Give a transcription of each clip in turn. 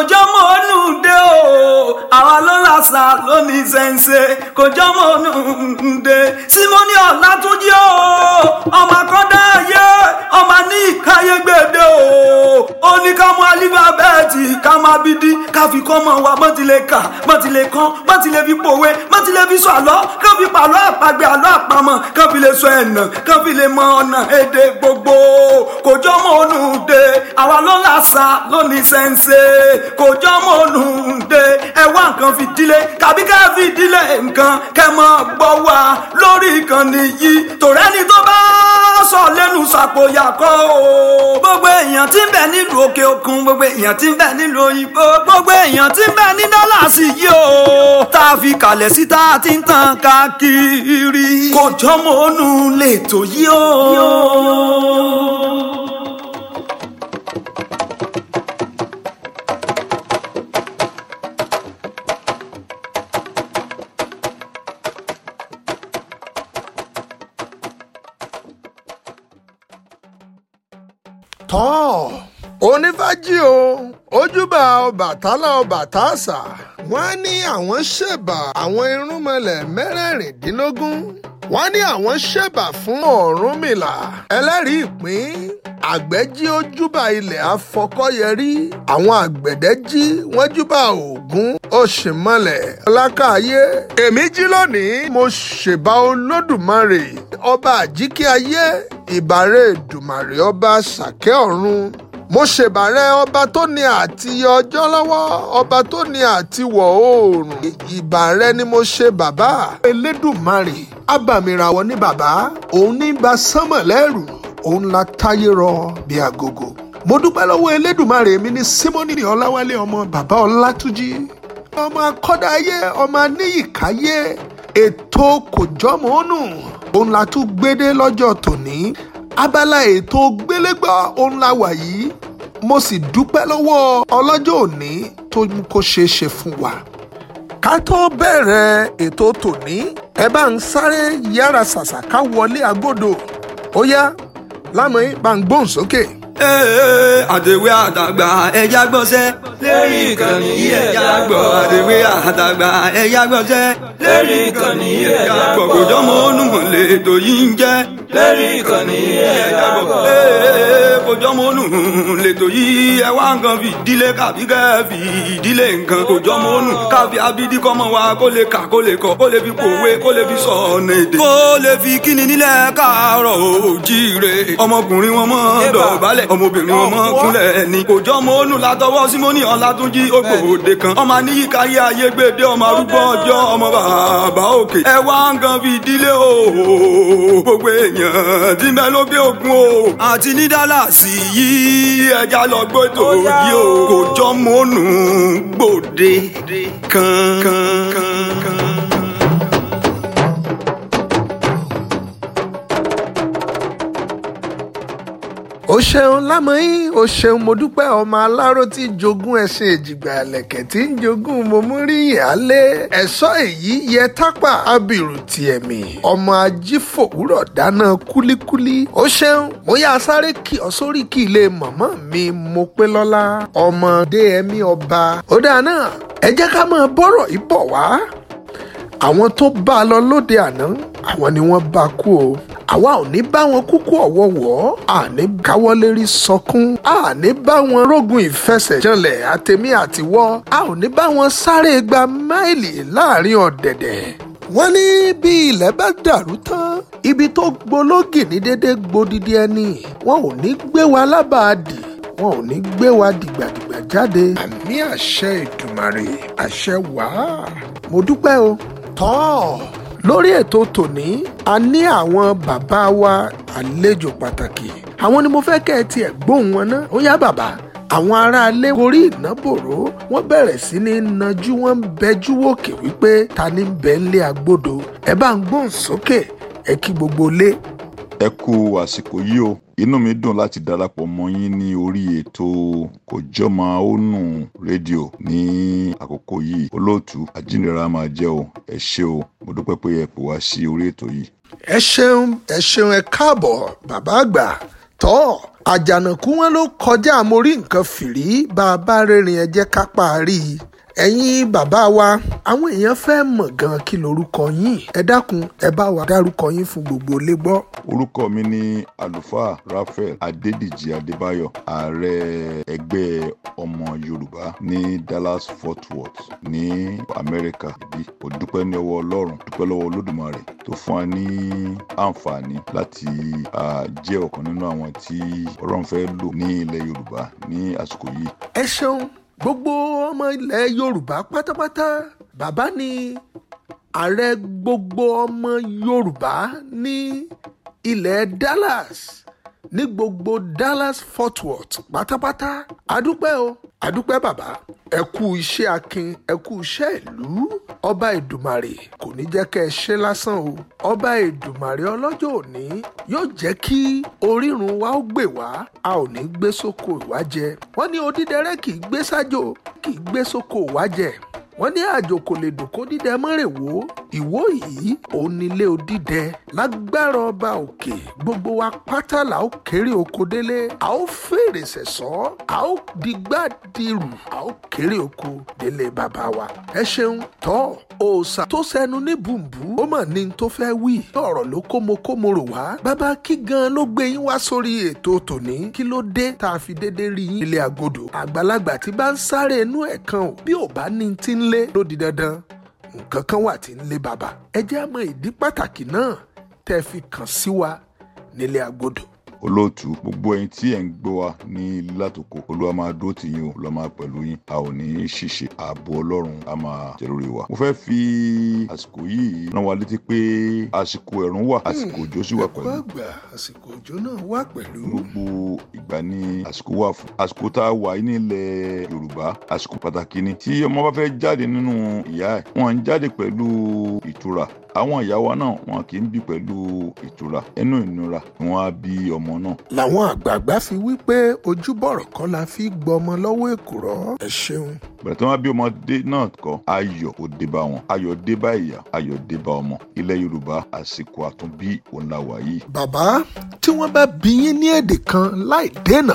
mọ̀jọ́ mọ̀ọ́nù dé o àwa ló àṣà lónìí ṣẹ̀ǹṣẹ̀ kò jọmọ ònùdè símọ́nì ọ̀làtúnjì o ọmọ akọ́dá ayé ọmọ ní ìkáyé gbèdé o ó ní ká mú alífábẹ́ẹ̀tì ká máa bí dí ká fi kọ́ mọ́ wa mọ́tìlẹ̀ kà mọ́tìlẹ̀ kan mọ́tìlẹ̀ fi pòwe mọ́tìlẹ̀ fi sọ àlọ́ kán fi pàlọ́ àpagbé àlọ́ àpamọ́ kán fi lè sọ ẹ̀nà kán fi lè mọ ọ̀nà èdè gbogbo kò jọmọ ònùdè àwa ló làṣà lónìí ṣẹ̀ǹṣẹ̀ kò jọmọ ònùdè ẹ̀wá nǹkan fi díl ìdílé tàbí ká fi ìdílé nǹkan kẹ́ mọ́ gbọ́ wá lórí ìkànnì yìí tòrẹ́ni tó bá sọ lẹ́nu ṣàpòyàkọ́ o. gbogbo èèyàn tí ń bẹ nílùú òkè òkun gbogbo èèyàn tí ń bẹ nílùú òyìnbó gbogbo èèyàn tí ń bẹ ní dọ́làsì yìí o. tá a fi kalẹ̀ sí ti ń tàn káàkiri kò jọmọ́ lè tó yí o. tán onífájì o ojúbà ọbàtálá ọbàtásà wọ́n ní àwọn ṣẹ̀bà àwọn irúnmọlẹ̀ mẹ́rẹ̀ẹ̀rìndínlógún wọ́n ní àwọn ṣẹ̀bà fún ọ̀rúnmìlà ẹlẹ́rìí ìpín àgbẹ̀jí ojúbà ilẹ̀ afọkọ́yẹrí àwọn àgbẹ̀dẹ́jí wọ́n júbà ògún oṣìmọlẹ̀ ọlákàyé èmi jí lónìí mo ṣèbà olódùmarè ọba àjíkí ayé ìbàrẹ̀ èdùmàrè ọba sàkẹ́ ọ̀run mo ṣèbàrẹ̀ ọba tó ní àti ọjọ́ lọ́wọ́ ọba tó ní àti wọ̀ oòrùn ìbàrẹ̀ ni mo ṣe bàbá. elédùmarè abàmìràwọ̀ ni bàbá òun ní ba sánmọ̀ lẹ́rù òun la táyé rọ bí agogo. mo dúpẹ́ lọ́wọ́ elédùmarè mi ní símónì ọláwálé ọmọ bàbá ọlátúnjí ọmọ akọ́dáyé ọmọ aníyìkáyé ètò kòjọ́mọ́nù òun la tún gbédé lọ́jọ́ tòní abala ètò gbélégbá òun la wà yìí mo sì dúpẹ́ lọ́wọ́ ọlọ́jọ́ òní tó mú kó ṣeé ṣe fún wa. ká tó bẹ̀rẹ̀ ètò tòní ẹ bá ń sáré yára ṣàṣà ká wọlé agodo ó yá lámọ̀ bá ń gbóhùn sókè. àdèwé àtàgbà ẹ̀yà gbọ́nsẹ́ lẹ́yìn ìkànnì yìí ẹ̀yà gbọ́ àdèwé àtàgbà ẹ̀yà gbọ́nsẹ́ lórí ìkànnì ẹ̀ lápapọ̀. gbọ̀gbọ̀jọ́ mọ onúmọ̀ lè tó yìí ń jẹ́. lórí ìkànnì ẹ̀ lápapọ̀. kòjọ́ mọ onúmọ̀ lè tó yìí ẹ wá nǹkan fi ìdílé kàbí kẹ́ ìdílé nǹkan. kòjọ́ mọ onú káfí abídí kọ́mọ wa kó lè kà kó lè kọ kó lè fi pòwe kó lè fi sọ ọ̀nà èdè. kó lè fi kíni nílẹ̀ káàárọ̀ òjíire. ọmọkùnrin wọn mọ́ dọ̀bálẹ̀ ọmọbìnrin wọn mọ́ kúnlẹ̀ ni. kòjọ́ bàbá òkè. ẹ wá nǹkan fi ìdílé o gbogbo èèyàn tí mẹ ogun o. àti ní dálàsì yìí ẹja lọ gbọdọ yìí o. kò jọ mọ́nù gbòde kankan. o ṣeun lámọyín o ṣeun mo dúpẹ́ ọmọ aláró tí jogún ẹṣin èjìgbà ẹ̀lẹ̀kẹ̀ tí ń jogún mọ̀múrí ìhálẹ́ ẹ̀ṣọ́ èyí yẹ tápà abirù ti ẹ̀mí ọmọ ajífòwúrọ̀ dáná kúlíkúlí o ṣeun mo yá sáré kí ọ sórí kí ilé mọ̀mọ́ mi mo pé lọ́lá ọmọdé ẹ̀mí ọba ó dáa náà ẹ jẹ́ ká máa bọ́rọ̀ yìí bọ̀ wá àwọn tó bá a lọ lóde àná àwọn ni wọ́n bá kú o àwa ò ní bá wọn kúkú ọ̀wọ́wọ́ àní káwọ́lérí sọkún àní bá wọn rógun ìfẹsẹ̀jọlẹ̀ àtẹ̀mí àtiwọ́ a ò ní bá wọn sáré gba máìlì láàrin ọ̀dẹ̀dẹ̀ wọ́n ní bí ilẹ̀ bá dàrú tán ibi tó gbológì ní dédé gbodidi ẹni wọn ò ní gbé wa lábàádì wọn ò ní gbé wa dìgbàdìgbà jáde àmì àṣẹ Èdùmàrè àṣẹ wàá mo dúpẹ́ o tán lórí ètò tòní a ní àwọn bàbá wa àlejò pàtàkì àwọn ni mo fẹ́ kẹ́ ẹ tiẹ̀ gbóhùn wọn náà ó yá bàbá àwọn aráalé orí ìnábòrò wọ́n bẹ̀rẹ̀ sí ní najú wọ́n ń bẹjú wòkè wípé ta ni ń bẹ agbódo ẹ bá ń gbóhùn sókè ẹ kí gbogbo lé ẹ kú àsìkò yìí o inú mi dùn láti darapọ̀ mọ́ yín ní orí ètò kòjọ́mọ ònù rédíò ní àkókò yìí olóòtú àjíǹdẹ̀rà máa jẹ́ o ẹ ṣé o mo dúpẹ́ pé ẹ pè wá sí orí ètò yìí. ẹ ṣeun ẹ ṣeun ẹ káàbọ̀ bàbá àgbà tọ́ àjànàkú wọn ló kọjá àmórí nǹkan fìrí bá a bá rẹ́rìn ẹ jẹ́ ká parí i ẹ̀yin bàbá wa àwọn èèyàn fẹ́ mọ̀ gan-an kí lorúkọ yín ẹ dákun ẹ bá wa dárúkọ yín fún gbogbo ilé gbọ́. orúkọ mi ni àlùfáà Raphael Adédìjì Adébáyọ̀ ààrẹ ẹgbẹ́ ọmọ Yorùbá ní Dallas Fort Worth ní Amẹ́ríkà ibi ò dúpẹ́ ní ọwọ́ Ọlọ́run dúpẹ́ lọ́wọ́ Olódùmarè tó fún wa ní àǹfààní láti jẹ́ ọ̀kan nínú àwọn tí Ọlọ́run fẹ́ lò ní ilẹ̀ Yorùbá ní àsìkò yìí. ẹ ṣeun gbogbo ọmọ ilẹ̀ yorùbá pátápátá bàbá ni ààrẹ gbogbo ọmọ yorùbá ní ilẹ̀ Dallas ní gbogbo Dallas Fort Worth pátápátá adúpẹ́ o adúpẹ́ bàbá ẹ kú iṣẹ́ akin ẹ kú iṣẹ́ ìlú ọba Èdùmàrè kò ní jẹ́ kẹ́ ẹ ṣe lásán o ọba Èdùmàrè ọlọ́jọ́ òní yóò jẹ́ kí orírun wa ó gbè wá a ò ní gbé sóko ìwájẹ wọ́n ní odídẹrẹ́ kì í gbé sájò kì í gbé sóko ìwájẹ wọ́n ní àjò kò lè dùn kó dídẹ mọ́rẹ̀ wò ó ìwó yìí òun nílé odídẹ lágbára ọba òkè gbogbo wa pátá la ó kéré oko délé a ó fèrè sẹ̀sọ́ a ó digbá dirù a ó kéré oko délé bàbá wa ẹ ṣeun tọ́ òòṣà tó sẹnu ní bùnbù ó mọ̀ ní tó fẹ́ wí ọ̀rọ̀ ló kómokómo rò wá bàbá kí gan ló gbé yín wá sórí ètò tòní kí ló dé tá a fi dédé rí yín ilé àgọ́dọ̀ àgbàlagbà tí bá ń sáré inú ẹ̀ kan ò bí ò bá ní ti ń lé ló dandan nǹkan kan wà tí ń lé bàbá ẹ jẹ́ àmọ́ ìdí pàtàkì náà tẹ́ fi kàn sí wa nílé agodo olóòtú gbogbo ẹ̀yin tí ẹ̀ ń gbọ́ wa ní látòkò olúwa máa dó tì yín o lọ́ máa pẹ̀lú yín a ò ní ṣìṣe ààbò ọlọ́run a máa jẹ́ lórí wa. mo fẹ́ fi àsìkò yìí rán wa létí pé àsìkò ẹ̀rùn wà àsìkò hmm, òjò sì wà pẹ̀lú. ẹ̀kọ́ àgbà àsìkò òjò náà wà pẹ̀lú. gbogbo ìgbà ni àsìkò wà fún. àsìkò tá a wà ní ilẹ̀ yorùbá àsìkò pàtàkì ni tí ọmọ bá fẹ́ jáde nínú ìyá ẹ̀ wọ́n ń jáde pẹ̀lú ìtura àwọn ìyá wa náà wọn kì í bí pẹ̀lú ìtura ẹnu ìnura ni á bí ọmọ náà. làwọn àgbààgbà fi wí pé ojúbọ̀rọ̀ kan la fi gbọ́ lọ́wọ́ èkùrọ́ ẹ ṣeun. bẹ̀rẹ̀ tí wọ́n bí ọmọdé náà kọ́ ayọ̀ ò dé bá wọn ayọ̀ dé bá ìyá ayọ̀ dé bá ọmọ ilẹ̀ yorùbá àsìkò àtúnbí òun la wà yìí. bàbá tí wọ́n bá bí yín ní èdè kan láì dènà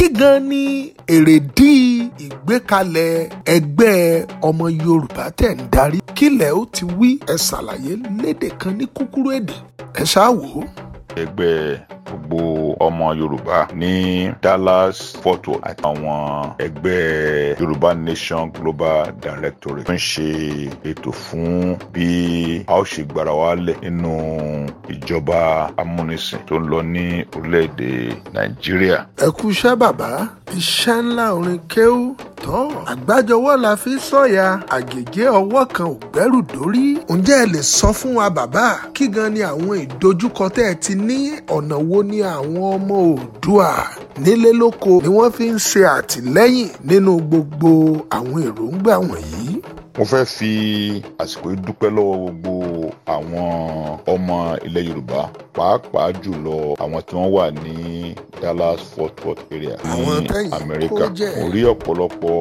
kí gan ni èrèdí ìgbékalẹ̀ ẹgbẹ́ ọmọ Yorùbá tẹ̀ ń darí kílẹ̀ ó ti wí ẹ ṣàlàyé lédè kan ní kúkúrú èdè ẹ ṣáà wò ó. ẹgbẹ́ gbogbo ọmọ Yorùbá ní Dallas Fort Worth àti àwọn ẹgbẹ́ Yorùbá Nation Global Directory. tó ń ṣe ètò fún bí a ó ṣe gbara wálẹ̀ nínú ìjọba amúnisìn tó ń lọ ní orílẹ̀-èdè Nàìjíríà. ẹ kú iṣẹ́ bàbá iṣẹ́ ńlá orin kéwú tọ́ àgbájọwọ́ la fi sọ̀yà àgègé ọwọ́ kan ò gbẹ́rù dórí. ǹjẹ́ ẹ lè sọ fún wa bàbá kí gan ni àwọn ìdojúkọ tẹ́ ẹ ti ní ọ̀nà wo òun ni àwọn ọmọ Oòduà nílé lóko ni wọ́n fi ń ṣe àtìlẹ́yìn nínú gbogbo àwọn èròǹgbà wọ̀nyí mo fẹ́ fi àsìkò yìí dúpẹ́ lọ́wọ́ gbogbo àwọn ọmọ ilẹ̀ yorùbá pàápàá jùlọ àwọn tí wọ́n wà ní dallas fort worth area ní amẹ́ríkà mo rí ọ̀pọ̀lọpọ̀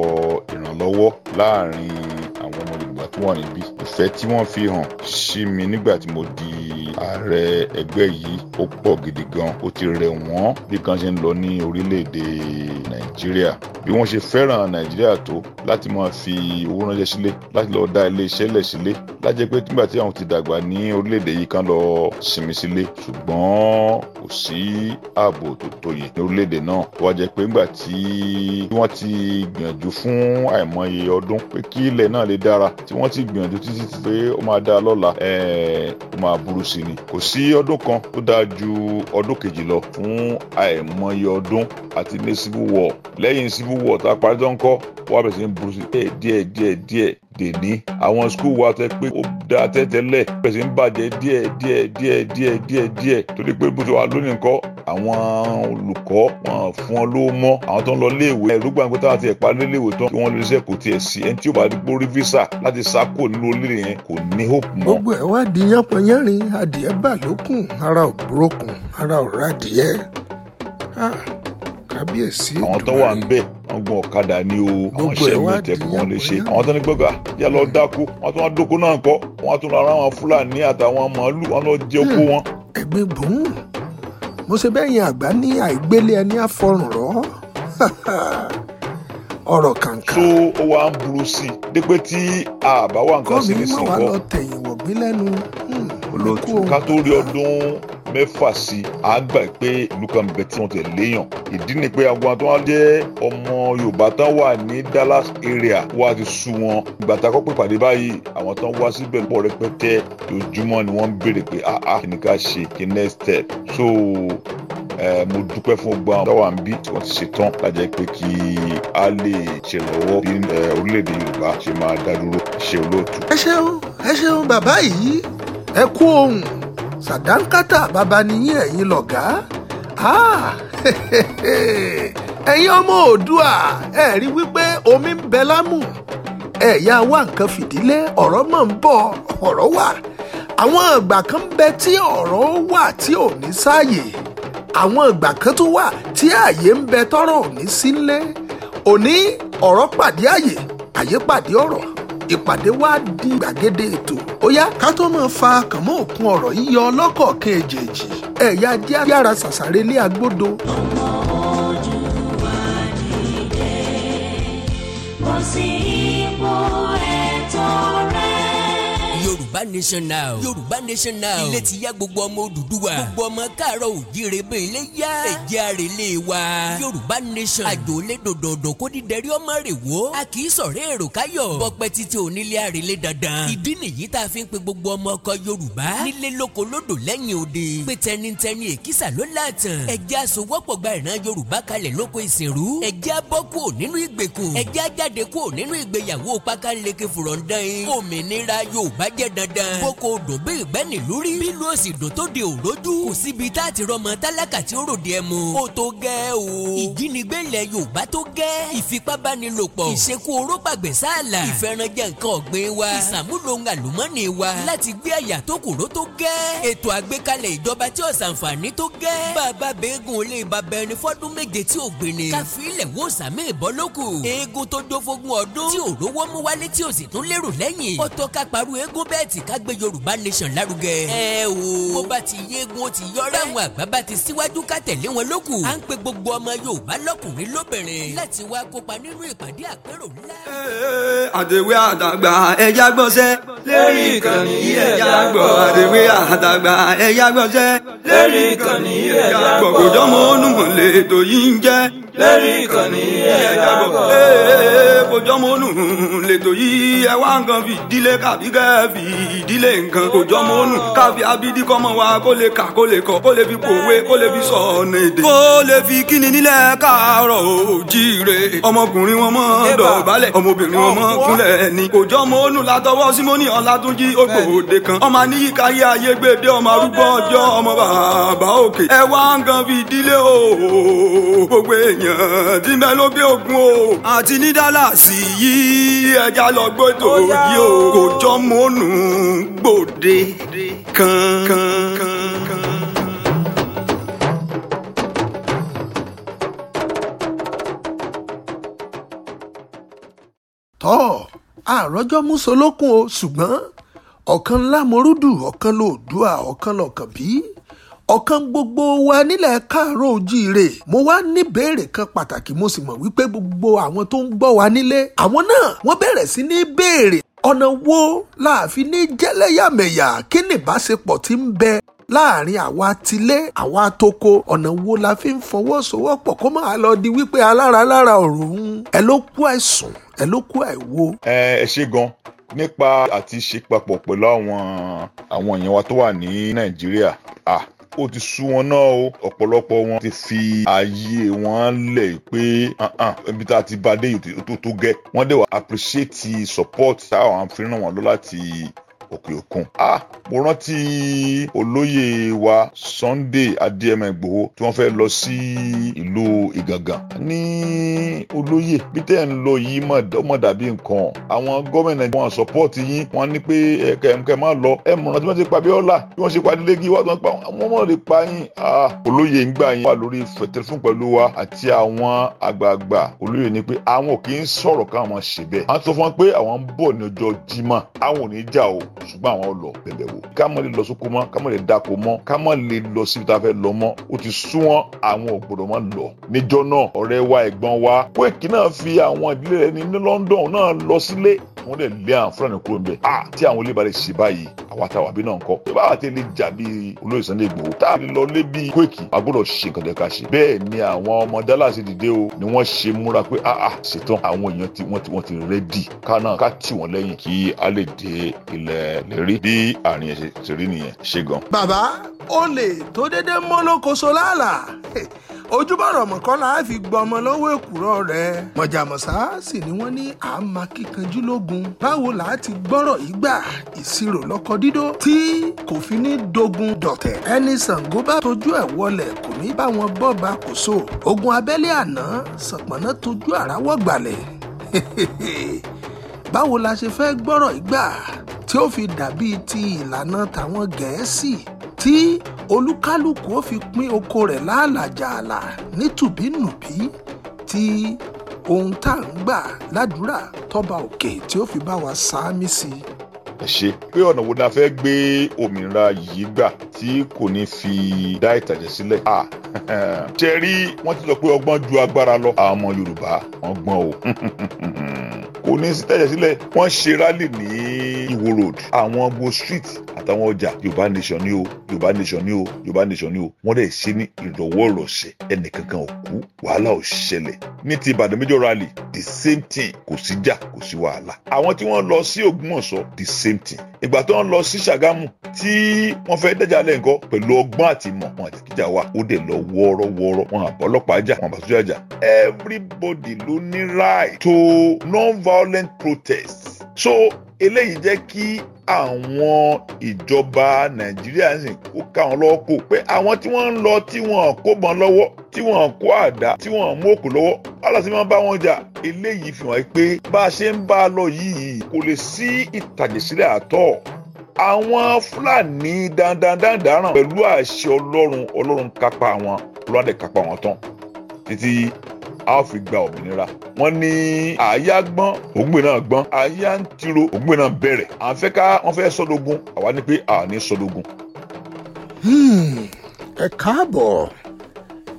ìrànlọ́wọ́ láàrin àwọn ọmọ yorùbá tí wọ́n níbí ìfẹ́ tí wọ́n fi hàn sí mi nígbà tí mo di ààrẹ ẹgbẹ́ yìí ó pọ̀ gidi gan ó ti rẹ̀ wọ́n bí kan ṣe ń lọ ní orílẹ̀-èdè nàìjíríà bí wọ́n ṣe fẹ́ràn nàìjíríà tó láti máa fi owó ránṣẹ́ sílé láti lọ dá ilé iṣẹ́ lẹ̀ sílé láti jẹ́ pé nígbà tí àwọn ti dàgbà ní orílẹ̀-èdè yìí kan lọ sinmi sílé ṣùgbọ́n kò sí ààbò tó tóye ní orílẹ̀-èdè náà wá jẹ́ pé nígbà tí wọ́n ti gbìyànjú fún àìmọye ọdún pé kí ilẹ̀ náà lè dára tí wọ́n ti gbìyànjú títí pé ó máa dáa lọ́la ẹ̀ẹ́ ni hmm, kò sí ọdún kan tó dáa ju ọdún kejì lọ fún àìmọye ọdún àti ní civil war lẹ́yìn civil war tá a parí tó ń kọ́ wọ́n á bẹ̀rẹ̀ sí ní burú díẹ̀ díẹ̀ díẹ̀ dèní àwọn skul wa tẹ pé ó da tẹ́tẹ́lẹ̀ bẹ̀rẹ̀ sí ń bàjẹ́ díẹ̀ díẹ̀ díẹ̀ díẹ̀ díẹ̀ díẹ̀ torí pé bó ti wà lónìí nǹkan àwọn olùkọ́ wọn fún ọ ló mọ́ àwọn tó ń lọ léèwé ẹ̀rúgbà nípa táwọn ti ẹ̀ parí léèwé tán kí wọ́n lè ṣe kò tiẹ̀ sí ẹni tí ó bá gbó rí visa láti sá kò nínú olórí yẹn kò ní hope mọ́. gbogbo ẹ̀ wá di yánpọnyánrin adìẹ bà lókun ara ò burúkún ara ò rádìẹ ah, kábíyèsí ìdùnnú. àwọn tó wà ń bẹ́ẹ̀ wọ́n gbọ́ ọ̀kadà ni o àwọn iṣẹ́ mi tẹ kí wọ́n lè ṣe àwọn tó ní gbọ́gà yà lọ dáko wọ́n tún wá dóko náà kọ́ wọ́n tún lọ àwọn fúlàní àtàwọn màálù wọ́n lọ jẹ oko hmm, wọn. ẹgbẹ́ gbòún mo ṣe bẹ́ẹ̀ yẹn àgbà ní àìgbélé ẹni àfọrùn ọ̀rọ̀ kàǹkà. tó o wa ń burú sí i dípẹ́ tí a bá wà nǹkan sí ní sìnkọ́. kọ́ mi má wàá lọ tẹ̀yìn wọ̀gbìn lẹ́nu. Hmm, olóòtú ká tó rí ọdún mẹ́fà sí i à á gbà pé ìlú kan bẹ̀ tí wọ́n tẹ̀ léèyàn ìdí ni pé àwọn tó wọ́n jẹ́ ọmọ Yorùbá tán wà ní Dallas area wá ti sú wọn ìgbà tá a kọ́ pé pàdé báyìí àwọn tán wá síbẹ̀ pọ̀ rẹpẹtẹ lójúmọ́ ni wọ́n béèrè pé àá ah, ah, kí ni ká ṣe kí next step so mo dúpẹ́ fún ọgbà táwa ń bí tí wọ́n ti ṣetán lájẹ́ pé kí a lè ṣèrànwọ́ bí orílẹ̀-èdè Yorùbá ṣe máa dá dúró ṣe olóòtú. ẹ ṣeun ẹ ṣeun bàbá yìí ẹ kú ohun sàdánkátà bàbá nìyí ẹ̀yin lọ̀gá ah, ẹ̀yin ọmọ òdua ẹ rí wípé omi ń bẹ lámù ẹ̀yà wá nǹkan fìdílé ọ̀rọ̀ mọ̀ ń bọ̀ ọ̀rọ̀ wà àwọn ìgbà kan bẹ tí ọ̀rọ̀ wà tí ò ní sáàyè àwọn ìgbà kan tún wà tí àyè ń bẹ tọ́rọ̀ ò ní sílé òní ọ̀rọ̀ pàdé àyè àyè pàdé ọ̀rọ̀ ìpàdé wá di gbàgede ètò ó yá ká tó máa fa kànmọ́ òkun ọ̀rọ̀ yíyọ ọlọ́kọ̀ọ̀kan èjèèjì ẹ̀yà díẹ̀ yára ṣàṣàrẹ́ ilé agbódo. ọmọ ojú wa dìde kò sí ipò ẹ̀tọ́ Yorùbá Nation now. Yorùbá yorùbá nation now ilé ti yá gbogbo ọmọ Odùduwà gbogbo ọmọ káàárọ̀ òjíire bẹ́ẹ̀ ilé yá ẹ̀jẹ̀ àrèlé wa yorùbá nation àjò lè dòdòdò kó di dẹ̀rí ọmọ rẹ̀ wò a kì í sọ̀rọ̀ èrò káyọ̀ bọ́pẹ́ títí onílé àrèlé dandan ìdí nìyí tá a fi ń pe gbogbo ọmọ ọkọ yorùbá nílé lóko lódò lẹ́yìn òde pé tẹnitẹni èkìsà ló láàtàn ẹ̀jẹ̀ àsowọ́pọ̀ gba ìran yorùbá kalẹ̀ lóko ìsìnrú ẹ̀jẹ̀ abọ́ kúò nínú ìgbèkùn ẹ̀jẹ̀ ajáde kúò nínú ìgbéyàwó pákáleke fùrọ̀ǹdán yìí òmìnira yorùbá jẹ́ dandan kókó odò ìgbẹ́ nílùú rí bílù òsì dùn tó de òrójú kò síbi tá a ti rọmọ tálákà tí ó ròde ẹ mu ó tó gẹ́ o ìjínigbé ilẹ̀ Yorùbá tó gẹ́ ìfipábánilòpọ̀ ìṣekú orógbàgbẹ̀ sáàlà ìfẹ́ranjẹ nǹkan ọ̀gbìn wa ìsàmúlò ohun àlùmọ́nì wa láti gbé àyà tó kòró tó gẹ́ ètò àgbékalẹ̀ ìjọba tí ó ṣàǹfààní tó gẹ́ bàbá bẹ́ẹ̀gùn olè bàbá ẹni fọ́dún méje tí ò gbéni káfí ilẹ̀ wò sàmì ìbọ́lókù eégún tó jó fógun ọdún èèyàn lárugẹ. ẹ o bó bá ti yéegun ó ti yọrẹ. báwọn àgbà bá ti síwájú ká tẹ̀lé wọn lókù. à ń pe gbogbo ọmọ Yorùbá lọ́kùnrin lóbìnrin láti wá kópa nínú ìpàdé àpérò ńlá. àdèwé àdàgbà ẹja gbọ́nsẹ́ lérí ìkànnì ẹja gbọ́ àdèwé àdàgbà ẹja gbọ́nsẹ́ lérí ìkànnì ẹja gbọ́ kò jọmọ́ onúmọ̀lẹ́ ètò yìí ń jẹ́ lérí ìkànnì ẹja gbọ́ kò jọmọ́ onúmọ̀lẹ́ ètò yìí ẹ wá nǹkan fìdílé kàbí kẹ́ fìdílé nǹkan kò jọ ọmọ ònù káfi abidi kọ́mọ wa kó lè kà kó lè kọ́ kó lè fi pòwe kó lè fi sọ ọ̀nà èdè. kó lè fi kíni nílẹ̀ káàárọ̀ òjíire. ọmọkùnrin wọn mọ dọ̀bálẹ̀ ọmọbìnrin wọn mọ kúnlẹ̀ ni. kò jọ ọmọ ònù látọwọ́ símónì ọ̀làtúnjì ògbòde kan. ọmọ aníyíká yé ayé gbèdé ọmọ arúgbó ọjọ́ ọmọ bàbá òkè. ẹ wá ń gan fi ìdílé o gbogbo èèyàn tí mẹ́ ló gbé ògùn o. àti ní dálàsì yìí ẹja lọ gbọ́dọ̀ yìí o kò jọ́ mọ́nù gbòde kan. kan, kan, kan. tọ́ àròjọ́ musolókun o ṣùgbọ́n ọ̀kan lámorúdù ọ̀kan lòdùà ọ̀kan lọ̀kàn bí ọ̀kan gbogbo wa nílẹ̀ káàárọ̀ ojíire mo wá ní béèrè kan pàtàkì mo sì mọ̀ wípé gbogbo àwọn tó ń gbọ́ wa nílé àwọn náà wọ́n bẹ̀rẹ̀ sí ní béèrè ọ̀nà wo láàfin ní jẹ́lẹ́yàmẹ̀yà kí ni ìbáṣepọ̀ ti ń bẹ láàrin àwa tilé àwa toko ọ̀nà wo la fi ń fọwọ́sowọ́pọ̀ kó máa lọ di wípé alára lára ọ̀rùn ẹ ló kú àìsùn ẹ ló kú àìwo. ẹ ẹ ṣe gan nípa àti ṣe papọ̀ pẹ̀lú àwọn àwọn èèyàn wa tó wà ní nàìjíríà ó ti sú wọn náà o ọ̀pọ̀lọpọ̀ wọn ti fi ààyè wọn lẹ̀ pé ibi tá a ti bá dé yìí tó tó gẹ́ wọ́n dẹ̀ wá appreciate support táwọn fi ràn wọ́n lọ láti òkè òkun. a mo rántí olóyè wa Sunday Adéyẹmọ Ìgbòho tí wọ́n fẹ́ lọ sí ìlú Ìgàngàn ní olóyè bí tẹ́ ń lọ yìí mọ̀ dàbí nǹkan àwọn gómìnà wọn sọpọ́ọ̀tì yín wọn ní pé ẹ̀kẹ́ máa lọ ẹ̀ mọ̀ràn tí wọ́n ti pa Abíọ́lá bí wọ́n ṣe pa Adélégì wá tó ń pa wọ́n mọ̀ lè pa yín olóyè ń gbà yín wà lórí tẹlifóònù pẹ̀lú wa àti àwọn àgbààgbà olóyè ní pé àwọn kì í sọ̀rọ̀ káwọn ṣe bẹ́ẹ̀ àwọn sọ fún wọn pé àwọn ń bọ̀ ní ọjọ́ Jímọ̀ àwọn ò ní jà o ṣùgbọ́n àwọn lọ bẹ̀bẹ̀ wò ká má lè lọ sóko mọ́ ká má lè dáko mọ́ ká má lè lọ síbi tá a fẹ́ lọ mọ́ ó ti sún àwọn ògbòdò mọ́ lọ. níjọ́ náà ọ̀rẹ́ wa ẹ̀gbọ́n wa Quake náà fi àwọn ìdílé rẹ̀ ní London náà lọ sílé wọ́n dẹ̀ lé àwọn fúlàní kúrò níbẹ̀ à tí àwọn olè bá lè ṣe báyìí àwa ta a wà bí náà ń kọ́ tó bá lè jà bíi olóyè Sunday Igboho tá a lè lọ lé bíi Quake a gbọ́dọ̀ ṣe nǹkan tẹ̀ ká ṣe bẹ́ẹ̀ ni àwọn ọmọ Dallas dìde o ni wọ́n ṣe múra pé àà ṣetán àwọn èèyàn tí wọ́n ti rẹ́dì ká náà ká tì wọ́n lẹ́yìn kí a lè dé ilẹ̀ lérí bí àárín ẹ̀ ṣe rí nìyẹn ṣe gan. bàbá olè tó dédé mọ́ lókoṣo lálàá ojúbọ̀rọ̀ mọ̀kànlá fi gbọmọ lọ́wọ́ èkùrọ́ rẹ̀ mọ̀jàmọ̀sá sì ni wọ́n ní àmà kíkanjú lógun báwo là ti gbọ́rọ̀ yìí ìṣirò lọ́kọ dídó tí kò fi ní dogun dọ̀tẹ̀ ẹni Ṣàngó bá tojú ẹ̀ wọlé kò ní bá wọn bọ́ba kò ogun abẹ́lé àná Ṣọ̀pọ̀nná tojú àràwọ̀ gbalẹ̀ báwo la ṣe fẹ́ gbọ́rọ̀ yìí tí ó fi dàbí ti ìlànà tàwọn gẹ̀ẹ́sì tí olúkálùkù ó fi pín oko rẹ̀ láàlàjààlà nítùbínùbí tí ohun tá à ń gbà ládùúrà tọ́ba òkè tí ó fi bá wa sáámí sí i ṣe pé ọ̀nà wo la fẹ́ gbé òmìnira yìí gbà tí kò ní fi dá ìtàjẹ̀ sílẹ̀ à ṣe rí wọ́n ti sọ pé ọgbọ́n ju agbára lọ àwọn ọmọ Yorùbá wọ́n gbọ́n o kò ní sí tẹ̀jẹ̀ sílẹ̀ wọ́n ṣe rálì ní Ìwó road àwọn gbo street àtàwọn ọjà Yorùbá nation ni o Yorùbá nation ni o Yorùbá nation ni o wọ́n dẹ̀ ṣe ní ìrọ̀wọ́ ìrọ̀ṣẹ̀ ẹnìkankan ò kú wàhálà ò ṣẹlẹ̀ ní ti Ìbàdàn Major rally the same thing kò sí jà kò sí wàhálà àwọn tí wọ́n lọ sí Ògbómọ̀ṣọ́ the same same thing ìgbà tó ń lọ sí Ṣàgámù tí wọ́n fẹ́ dájà lẹ́ǹkọ́ pẹ̀lú ọgbọ́n àti ìmọ̀ wọn àti kíjà wa ó dẹ̀ lọ wọ́ọ́rọ́wọ́ọ́rọ́ wọn àbọ̀ ọlọ́pàá jà wọn àbàtúnjà jà everybody ló ní right to non-violent protest so eléyìí jẹ́ kí àwọn ìjọba nàìjíríà sì kó ká wọn lọ́wọ́ kó pé àwọn tí wọ́n ń lọ tí wọ́n kó bọn lọ́wọ́ tí wọ́n kó àdá tí wọ́n mú òkú lọ́wọ́ aláṣẹ máa ń bá wọn jà eléyìí fi hàn pé bá a ṣe ń bá a lọ yìí kò lè sí ìtàjẹ̀sílẹ̀ àtọ̀ àwọn fúlàní dandandandaran pẹ̀lú àṣẹ ọlọ́run ọlọ́run kápá wọn ọlọ́run kápá wọn tán títí a ó fi gba òmìnira wọ́n ní àyà gbọ́n ògbìn náà gbọ́n àyà ń tiro ògbìn náà bẹ̀rẹ̀ à ń fẹ́ ká wọ́n fẹ́ sọdógún àwa ní pé à ní sọdógún. Hmm, ẹ káàbọ̀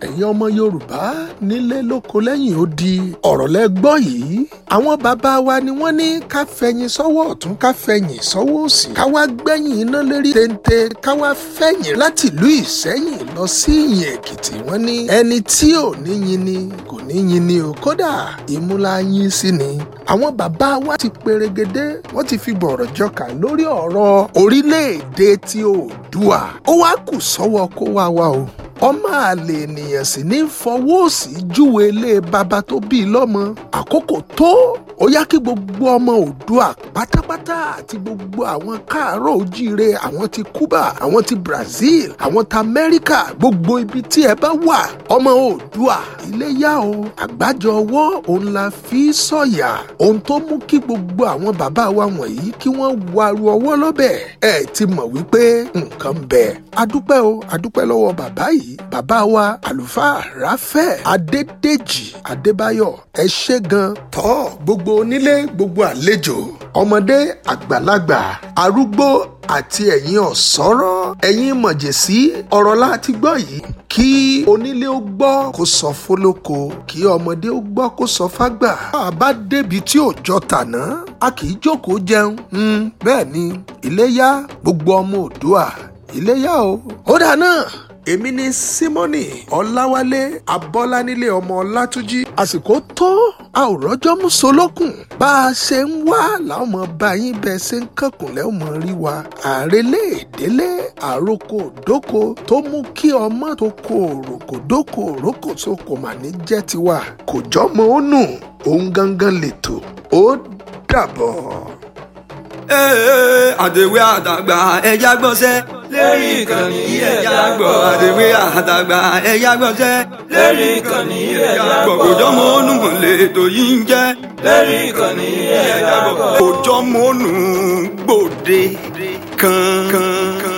ẹ̀yin ọmọ yorùbá nílé lóko lẹ́yìn odi ọ̀rọ̀ lẹ yìí àwọn bàbá wa ni wọ́n ní ká fẹ̀yìn sọ́wọ́ ọ̀tún ká fẹ̀yìn sọ́wọ́ òsì ká wá gbẹ̀yìn iná lérí téńté ká wá fẹ̀yìn láti ìlú ìsẹ́yìn lọ sí ìyìn èkìtì wọ́n ní ẹni tí ò ní yin ni kò ní yin ni o kódà ìmúlá yín sí ni àwọn bàbá wa ti perégedé wọ́n ti fi bọ̀rọ̀ jọkà lórí ọ̀rọ̀ orílẹ̀-èdè tí Oòduà ó wá kù sọ́wọ́ kó wá wá o ọmọ àlè ènìyàn sì ní fọwọ́ sí júwe ilé baba tó bí lọ́mọ àkókò tó ó yá kí gbogbo ọmọ Oòduà pátápátá àti gbogbo àwọn káàárọ̀ ojíire àwọn ti Cuba àwọn ti Brazil àwọn ti Amẹ́ríkà gbogbo ibi tí ẹ bá wà ọmọ Oòduà iléyá o àgbájọ ọwọ́ òun la fi sọ̀yà ohun tó mú kí gbogbo àwọn bàbá wa wọ̀nyí kí wọ́n waru ọwọ́ lọ́bẹ̀ ẹ ti mọ̀ wípé nǹkan bẹ̀ adúpẹ́ o adúpẹ́ lọ́wọ́ bàbá yìí bàbá wa àlùfáà Ráfẹ́ Adédèjì Adébáyọ̀ ẹ ṣé gan tọ́ gbogbo gbogbo onílé gbogbo àlejò ọmọdé àgbàlagbà arúgbó àti ẹ̀yin ọ̀sọ́rọ́ ẹ̀yin mọ̀jẹ̀sí ọ̀rọ̀ láti gbọ́ yìí kí onílé ó gbọ́ kó sọ fólóko kí ọmọdé ó gbọ́ kó sọ fágbà bá a bá débi tí ò jọ tàná a kì í jókòó jẹun hmm, bẹ́ẹ̀ ni iléyá gbogbo ọmọ òdua iléyá o ó dáa náà èmi ni Simoni Ọláwálé Abọ́lánilé ọmọ Ọlátúnjí àsìkò tó a ò rọ́jọ́ mú solókùn bá a ṣe ń wá làwọn ọmọ bá yín bẹ́ẹ̀ ṣe ń kànkùnlẹ̀ ọmọ rí wa àrélé èdélé àròkò òdóko tó mú kí ọmọ tó kó òròkò dóko òrókò tó kò mà ní jẹ́ tiwa kò jọ́mọ ó nù òun gangan lètò ó dàbọ̀. àdèwé àdàgbà ẹ̀yà gbọ́nsẹ́ lérí ìkànnì ẹ̀yà gbọ́ àdèwé àtàgbà ẹ̀yà gbọ́sẹ́ lérí ìkànnì ẹ̀yà gbọ́ kòjọ́ mọ́ onùmọ̀ lẹ́tọ̀ yìí ń jẹ́ lérí ìkànnì ẹ̀yà gbọ́ kòjọ́ mọ́ onùgbòde kan.